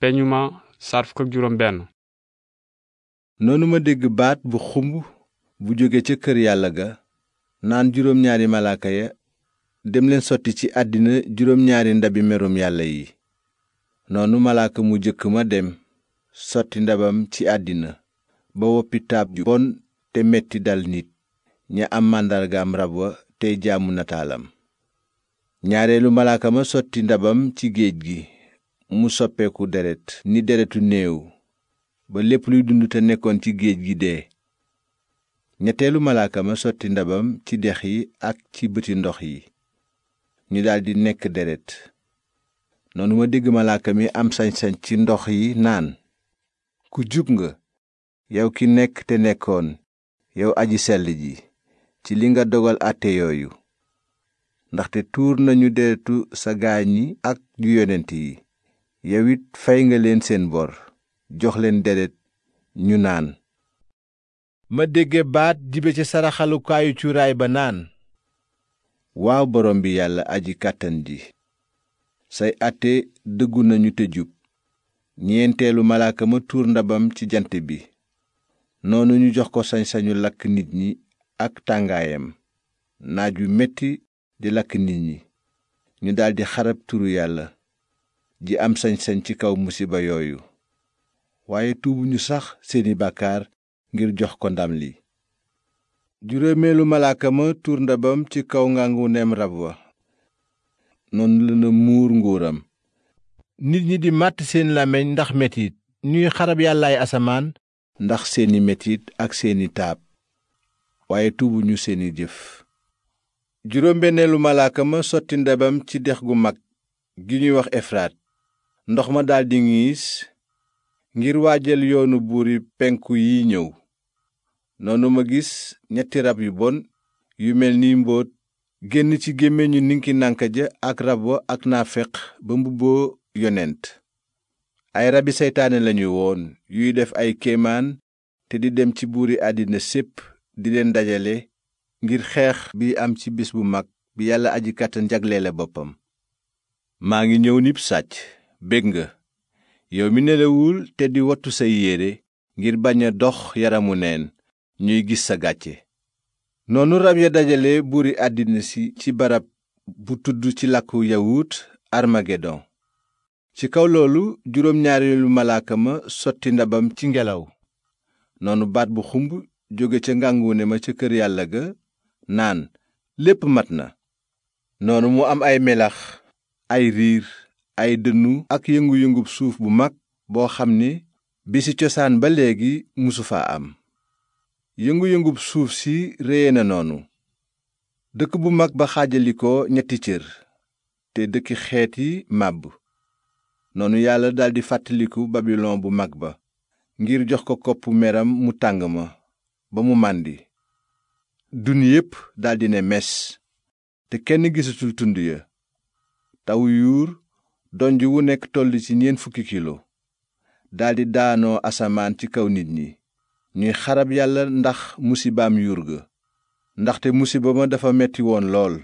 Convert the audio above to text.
peñu ma saar noonu ma dégg baat bu xumb bu jóge ca kër yàlla ga naan juróom ñaari malaaka ya dem leen sotti ci àddina juróom ñaari ndabi merum yàlla yi noonu malaaka mu jëkk ma dem sotti ndabam ci àddina ba woppi taab ju bon te metti dal nit ña am màndargaam rab wa tey jaamu nataalam ñaareelu malaaka ma sotti ndabam ci géej gi mu soppeeku deret ni deretu néew ba lépp luy dund te nekkoon ci géej gi dee ñetteelu malaaka ma sotti ndabam ci dex yi ak ci bëti ndox yi ñu daldi nekk deret noonu ma dégg malaaka mi am sañ ci ndox yi naan ku jub nga yow ki nekk te nekkoon yow aji sell ji ci li nga dogal àtte yooyu ndaxte tuur nañu deretu sa gaañ yi ak yu yonent yi yow it fay nga leen seen bor jox leen deret ñu naan ma dégge baat jibe ca saraxalukaayu cuuraay ba naan waaw borom bi yàlla aji kàttan ji say àtte dëggu nañu te jub ñeenteelu malaaka ma tuur ndabam ci jant bi noonu ñu jox ko sañ-sañu lakk nit ñi ak tàngaayam naaj yu metti di lakk nit ñi ñu daldi xarab turu yàlla ji am sañ ci kaw musiba yooyu waaye tuubuñu sax seeni bàkkaar ngir jox ko ndam li juróomeelu malaaka ma tuur ndabam ci kaw ngàngu neem rab wa noonu la na muur nguuram nit ñi di màtt seen làmmiñ ndax metit ñuy xarab yàllaay asamaan ndax seeni metit ak seeni taab waaye tuubuñu seeni jëf juróom benneelu sotti ndabam ci dex gu mag gi ñuy wax efraat ndox ma daldi ŋiis ngir waajal yoonu buuri penku yi ñëw noonu ma gis ñetti rab yu bon yu mel ni mbóot génn ci gémmiñu ninki nanka ja ak rab wa ak naafeq ba mbubboo yonent ay rabi seytaane lañu woon yuy def ay kéemaan te di dem ci buur buuri àddina sépp di leen dajale ngir xeex bi am ci bis bu mag bi yàlla aji kàttan jagleele boppam maa ngi ñëw nib sàcc bég nga yow mi nelawul te di wattu say yére ngir bañ a dox yaramu neen ñuy gis sa gàcce noonu rab ya dajale buuri àddina si ci barab bu tudd ci làkku yawut armagedon ci kaw loolu juróom ñaareelu malaaka ma sotti ndabam ci ngelaw noonu baat bu xumb jóge ca ngànguune ma ca kër yàlla ga naan lépp mat na noonu mu am ay melax ay riir ay dënnu ak yëngu-yëngub suuf bu mag boo xam ni bi ci cosaan ba léegi musu fa am yëngu-yëngub suuf si réye na noonu dëkk bu mag ba xaajalikoo ñetti cër te dëkk xeeti yi màbb noonu yàlla daldi fàttaliku babilon bu mag ba ngir jox ko koppu meram mu tàng ma ba mu màndi dun yépp daldi ne mes te kenn gisatul tund ya taw yuur donj wu nekk toll ci ñeent fukki kilo daldi daanoo asamaan ci kaw nit ñi ñuy xarab yàlla ndax musibaam yuur ga ndaxte musiba ma dafa metti woon lool